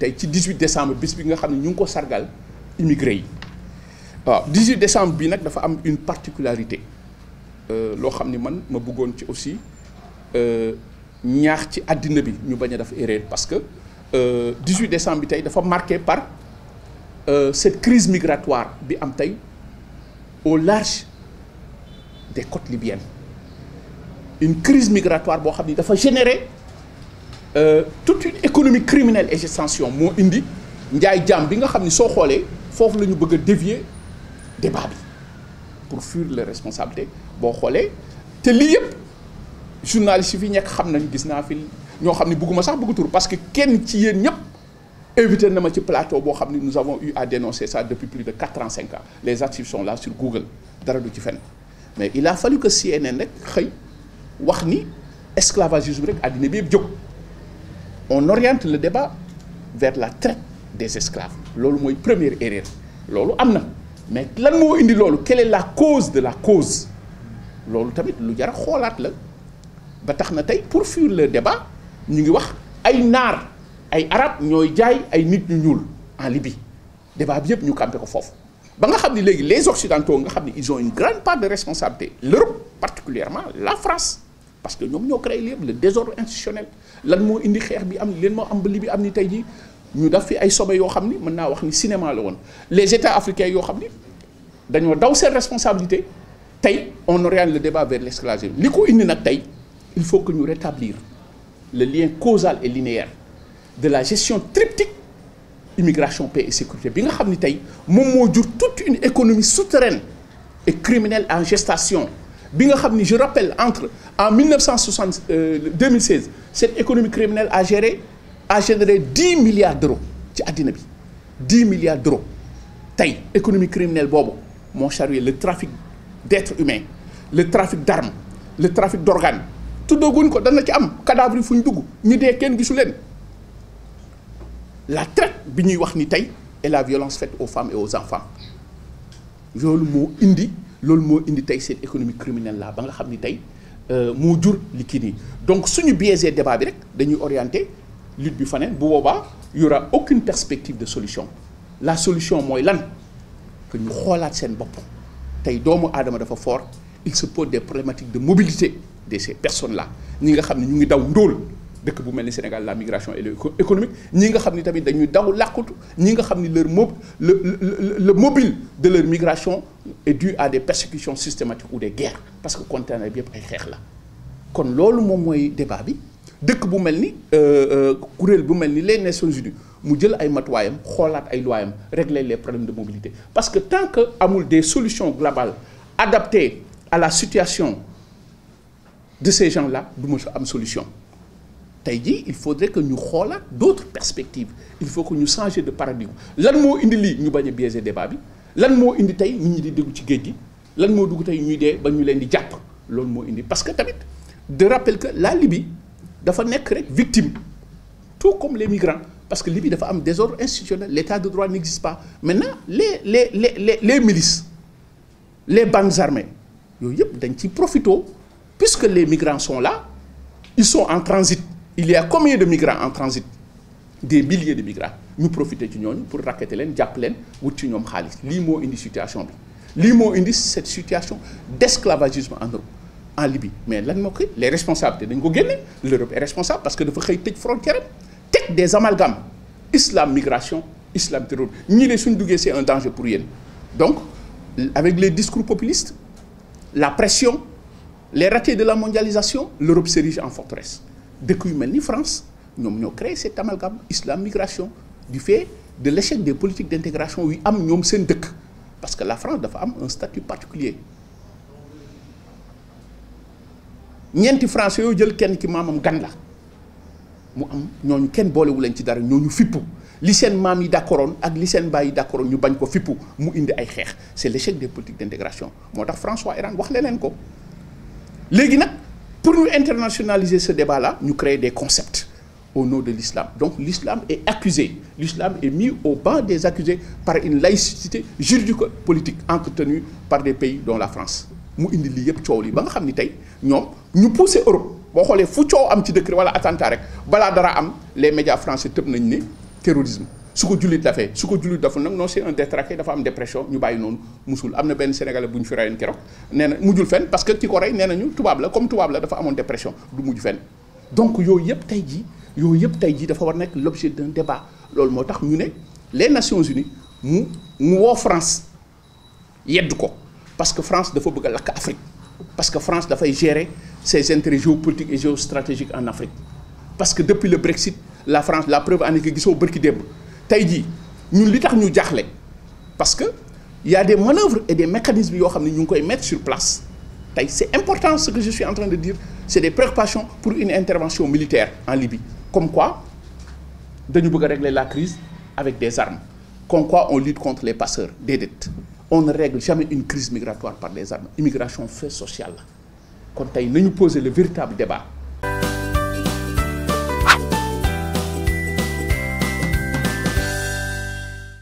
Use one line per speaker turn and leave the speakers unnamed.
tey ci 18 décembre bis bi nga xam ne ñu ngi ko sargal immigré yi waaw 18 décembre bi nag dafa am une particularité euh, loo xam ni man ma bëggoon ci aussi euh, ñaax ci àddina bi ñu bañ a def erreur parce que 18 euh, décembre bi tey dafa marqué par cette crise migratoire bi am tey au large des côtes libyennes une crise migratoire boo xam ni dafa généré Euh, toute une économie criminelle et gestation moo indi njaay jaam bi nga xam ni soo xoolee foofu la ñu bëgg a dévier débat bi pour fuir les responsabilités boo xoolee te lii yëpp journaliste yi fi nekk xam nañu gis naa fi ñoo xam ne bëgguma sax bëgg tur parce que kenn ci yéen ñëpp invité na ma ci plateau boo xam ne nous avons eu à dénoncer ça depuis plus de quatre ans cinq ans les archives sont là sur Google dara du ci fenn mais il a fallu que CNN rek xëy wax ni esclavagisme rek àddina bi yëpp on oriente le débat vers la traite des esclaves loolu mooy première erreur loolu am na mais lan moo indi loolu quelle la cause de la cause loolu tamit lu jar xoolaat la ba tax na tey pour fuir le débat ñu ngi wax ay naar ay arab ñooy jaay ay nit ñu ñuul en Libye débat bi yëpp ñu campé ko foofu ba nga xam ni léegi les occidentaux nga xam ni ils ont une grande part de responsabilité l'Europe particulièrement la France parce que ñoom ñoo créé lépp le désordre institutionnel lan moo indi xeex bi am leen moo am ba li bi am ni tey jii ñu daf fi ay sommet yoo xam ni mën naa wax ni cinéma la woon les états africains yoo xam ni dañoo daw seen responsabilité tey on oriente le débat vers l'esclavagisme li ko indi nag tey il faut que ñu rétablir le lien causal et linéaire de la gestion triptyque immigration paix et sécurité bi nga xam ni tey moom moo jur toute une économie souterraine et criminelle en gestation bi nga xam ni je rappelle entre en 1960 euh, 2016 cette économie criminelle a géré a généré 10 milliards d'euros ci àddina bi 10 milliards d'euros tey économie criminelle boobu moo charrié le trafic d'êtres humains le trafic d'armes le trafic d'organes tuddooguñ ko dana ci am cadavre fu ñu dugg ñu dee kenn gisu leen la traite bi ñuy wax ni tey et la violence faite aux femmes et aux enfants loolu moo indi loolu moo indi tey cette économie criminelle là ba nga xam ni tey euh, moo jur li kii nii donc suñu biaisé débat bi rek dañuy orienté lutte bi faneen bu boobaa y aura aucune perspective de solution la solution mooy lan que ñu xoolaat seen bopp tey doomu aadama dafa foor il se pose des problématiques de mobilité de ces personnes là ñi nga xam ne ñu ngi daw ndóol dëkk bu mel ni Sénégal la migration et économique ñi nga xam ni tamit dañuy daw làqutu ñi nga xam ni leur mob le le mobile de leur migration est dû à des persécutions systématiques ou des guerres parce que continent bi yëpp ay xeex la kon loolu moom mooy débat bi dëkk bu mel ni euh, euh, kuréel bu mel ni les Nations Unies mu jël ay matuwaayam xoolaat ay luwaayam régler les problèmes de mobilité parce que tant que amul des solutions globales adaptées à la situation de ces gens-là du am solution tey jii il faut que ñu xoola d'autres perspectives il faut que ñu changer de paradigme lan moo indi lii ñu bañ a biaiser débat bi lan moo indi tey ñu ñi di dugg ci géej gi lan moo dugg tey ñuy dee ba ñu leen di jàpp loolu moo indi parce que tamit de rappel que la Libye dafa nekk rek victime tout comme les migrants parce que Libye dafa am désordre institutionnel l'état de droit n'existe pas maintenant les les les les les milices les bandes armées yooyu yëpp dañ ci profito puisque les migrants sont là sont en transit il y a de migrants en transit des milliers de migrants ñu profité ci ñooñu pour raqueter leen jàpp leen wut ci ñoom xaalis lii moo indi situation bi lii moo indi cette situation d'esclavagisme en Europe en Libye mais lan moo koy les responsabilités dañ ko génne l'Europe est responsable parce que dafa xëy tëj frontière am teg des amalgames islam migration islam terrorisme ñii le suñ duggee c'est un danger pour yéen donc avec les discours populistes la pression les ratés de la mondialisation l'Europe s'érige en forteresse dëkk yu mel ni France ñoom ñoo créé cet amalgame islam migration du fait de l'échec des politiques d'intégration yu am ñoom seen dëkk parce que la France dafa am un statut particulier ñeenti français yoo jël kenn ki maamam gan la mu am ñooñu kenn boolewu leen ci dara ñooñu fippu li seen maam yi d'accordoon ak li seen baay yi ñu bañ ko fippu mu indi ay xeex c'est l'échec des politiques d'intégration moo tax François Hollande wax leneen ko léegi nag. pour nous internationaliser ce débat-là ñu créer des concepts au nom de l'islam donc l'islam est accusé l'islam est mis au banc des accusés par une laïcité juridico-politique entretenue par des pays dont la France mu indi lii yëpp coow li ba nga xam ni tey ñoom ñu poussé Europe boo xoolee fu coow am ci dëkk wala attentat rek balaa dara am les médias français tëb nañ ne terrorisme su ko jullit dafee su ko jullit daful nag non c'est un détraqué dafa am dépression ñu bàyyi noonu musul am na benn sénégalais bu ñu fi reyoon keroog nee na mujjul fen parce que ki ko rey nee nañu tubaab la comme tubaab la dafa amoon dépression du mujj fenn donc yooyu yëpp tey jii yooyu yëpp tey jii dafa war nekk l'objet d'un débat loolu moo tax ñu ne les Nations Unies mu mu woo France yedd ko parce que France dafa bëgg lakk Afrique parce que France dafay gérer ses intérêts géopolitiques et géostratégiques en Afrique parce que depuis le la France la preuve en est que gisoo tey jii ñun li tax ñu jaaxle parce que y des manœuvres et des mécanismes yoo xam ne ñu ngi koy mettre sur place tey c'est important ce que je suis en train de dire c'est des préoccupations pour une intervention militaire en Libye comme quoi dañu bëgg a régler la crise avec des armes comme quoi on lutte contre les passeurs déedéet on ne règle jamais une crise migratoire par des armes immigration fait sociale la kon tey nañu poser le véritable débat